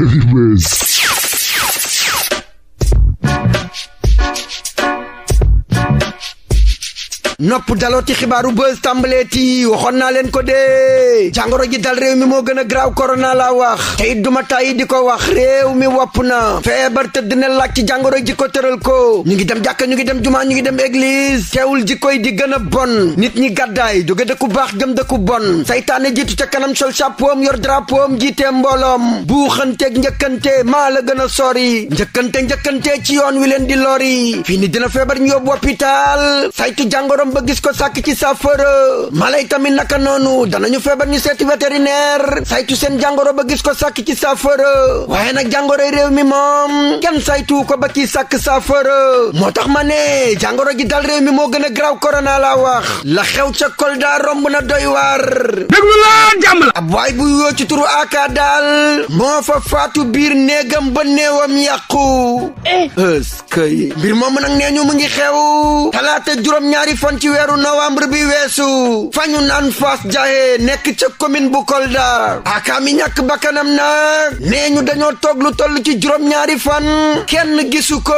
Heavy Mess. nopp daloo ci xibaaru buzz tàmbaleeti waxoon naa leen ko dee jàngoro ji dal réew mi moo gën a graaw korona laa wax te it duma tàyyi di ko wax réew mi wopp na feebar tëdd na laaj ci jàngoro ji ko tëral ko ñu ngi dem jàkka ñu ngi dem jumaa ñu ngi dem église teewul ji koy di gën a bon nit ñi gàddaay jóge dëkku baax jëm dëkku bon saytaane jiitu ca kanam sol chapeau yor drapeau jiite mbooloom buuxanteeg njëkkante maa la gën a sori njëkkante njëkkante ci yoon wi leen di lori fii ni dina feebar ñu yóbbu hôpital saytu jàngoro dem ba gis ko sàkk ci saafara mala yi tamit naka noonu ñu feebar ñu seeti vétérinaire saytu seen jàngoro ba gis ko sàkk ci saafara waaye nag jàngoro yi réew mi moom kenn saytu ko ba ci sàkk saafara moo tax ma ne jàngoro ji dal réew mi moo gën a graaw corona laa wax la xew ca Kolda romb na doy waar déglu ab waay bu yoo ci turu aka daal moo fa faatu biir néegam ba néewam yàqu ëskay eh. mbir moom nag nee ñu mu xew talaata juróom ñaari fan ci weeru novembre bi weesu fa ñu naan fas jaxe nekk ca commune bu Kolda aka mi ñàkk bakkanam na nee ñu dañoo toog lu toll ci juróom-ñaari fan kenn gisu ko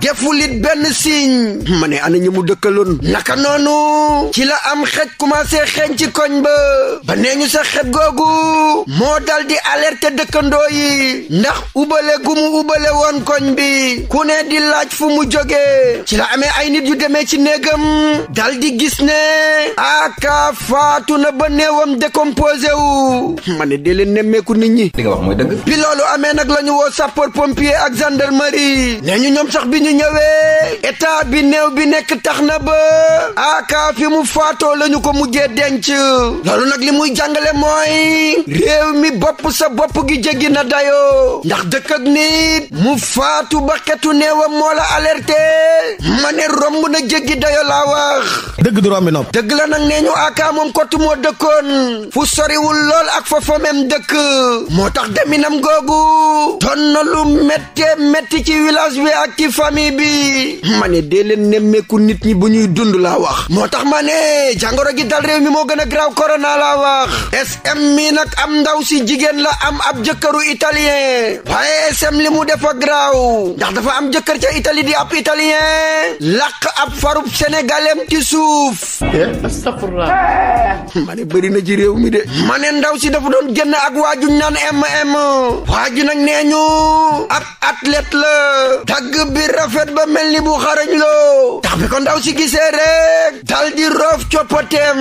deful it benn signe ma ne ana ñi mu dëkkaloon naka noonu ci la am xej commencé xeeñ ci koñ ba ba nee ñu sa xet googu moo dal di alerter dëkkandoo yi ndax ubale gu mu ubale woon koñ bi ku ne di laaj fu mu jógee ci la amee ay nit yu demee ci néegam dal di gis ne aka faatu na ba néewam décomposé wu ma ne dee leen nemmeeku nit ñi li nga amee nag la ñu woo sapeur pompier ak gendarmerie nee ñu ñoom sax bi ñu ñëwee état bi néew bi nekk tax na ba aka fi mu faatoo la ñu ko mujjee denc loolu nag li muy jàngale mooy réew mi bopp sa bopp gi jéggi na dayoo ndax dëkk ak nit mu faatu ba xetu néewam moo alerte alerté romb na jéggi dayo laa wax dëgg du rombi nopp dëgg la nag nee ñu aka moom kott moo dëkkoon fu soriwul lool ak fa dëkk moo tax deminam googu doon na lu méttee métti ci village bi ak ci famille bi ma ne dee leen nemmeeku nit ñi bu ñuy dund laa wax moo tax ma ne jàngoro gi dal réew mi moo gën a graaw corona laa wax SM mi nag am ndaw si jigéen la am ab jëkkëru italien waaye SM li mu defa graaw ndax dafa am jëkkër ca itali di ab italien làq ab farub sénégalem ci suuf eh? astafurlah ma réew mi de ma ndaw si dafa doon génn ak waajuñ naan mm aji nag nee ñu ab athlète la tàgg bi rafet ba mel ni bu xarañ loo ko ndaw si gisee rek di roof coppateem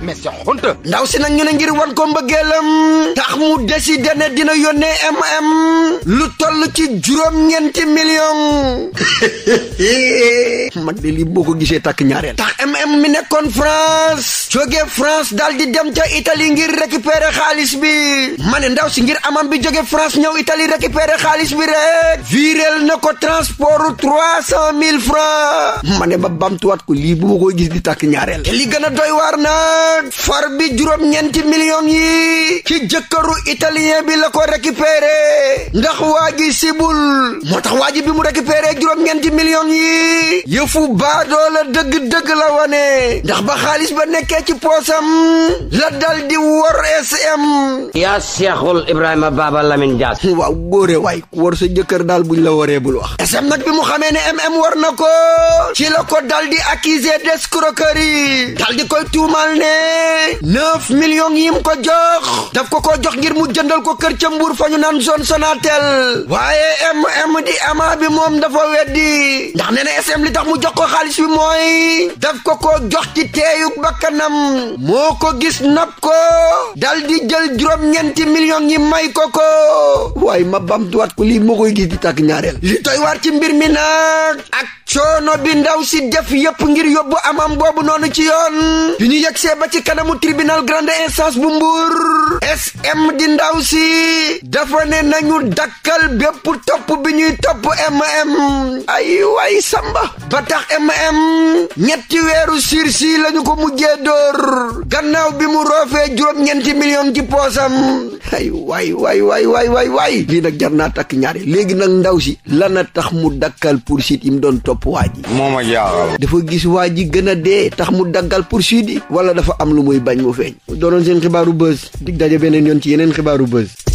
mais sa xunt ndaw si nag ñu ne ngir wan ko mbëggeelam tax mu décidé ne dina yónnee mm lu toll ci juróom-ñeenti million man de li boo ko gisee takk ñaareel tax mm mi nekkoon France jóge France dal di dem ca Italie ngir récupérer xaalis bi ma ne ndaw si ngir amam bi jóge France ñëw Italie récupérer xaalis bi rek viréel na ko transportu trois cent mille bamtuwaat ko lii bu ma koy gis di tàkk ñaareel te li gën a doy waar nag far bi juróom-ñeenti millions yi ci jëkkëru italien bi la ko récupéré ndax waa ji sibul moo tax waa ji bi mu récupéré juróom-ñeenti millions yi yëfu baadoo la dëgg-dëgg la wane ndax ba xaalis ba nekkee ci poosam la dal di wor sm yaa seexul Ibrahima Baba Lamine Dias waaw góore waay ku wor sa jëkkër daal buñ la waree bul wax sm nag bi mu xamee ne mm war na ko ci la ko ko dal di accusé d'escroquerie dal di koy tuumal ne neuf millions yim ko jox daf ko ko jox ngir mu jëndal ko kër ca Mbuur fa ñu naan zone Sonatel waaye mm di ama bi moom dafa weddi ndax nee na sm li tax mu jox ko xaalis bi mooy daf ko ko jox ci teeyuk bakkanam moo ko gis nap ko dal di jël juróom-ñeenti millions yi may ko ko waaye ma bam duwaat ko lii moo koy gis di tàkk ñaareel li toy waar ci mbir mi nag ak coono bi ndaw si ci def yépp ngir yóbbu amam boobu noonu ci yoon yu ñu yegsee ba ci kanamu tribunal grande instance bu mbuur sm di ndaw si dafa ne nañu dakkal bépp topp bi ñuy topp mm ay way samba ba tax mm ñetti weeru sursis lañu ko mu dóor gannaaw bi mu roofee juróom-ñeenti million ci poosam ay waay waay waay waay waay waay lii nag jar naa takk ñaari léegi nag ndaw si lana tax mu dakkal poursuite yi mu doon topp waa waaw dafa gis waa ji gën a dee tax mu daggal poursuite yi wala dafa am lu muy bañ mu feeñ doonoon seen xibaaru buzz dig daje beneen yoon ci yeneen xibaaru buzz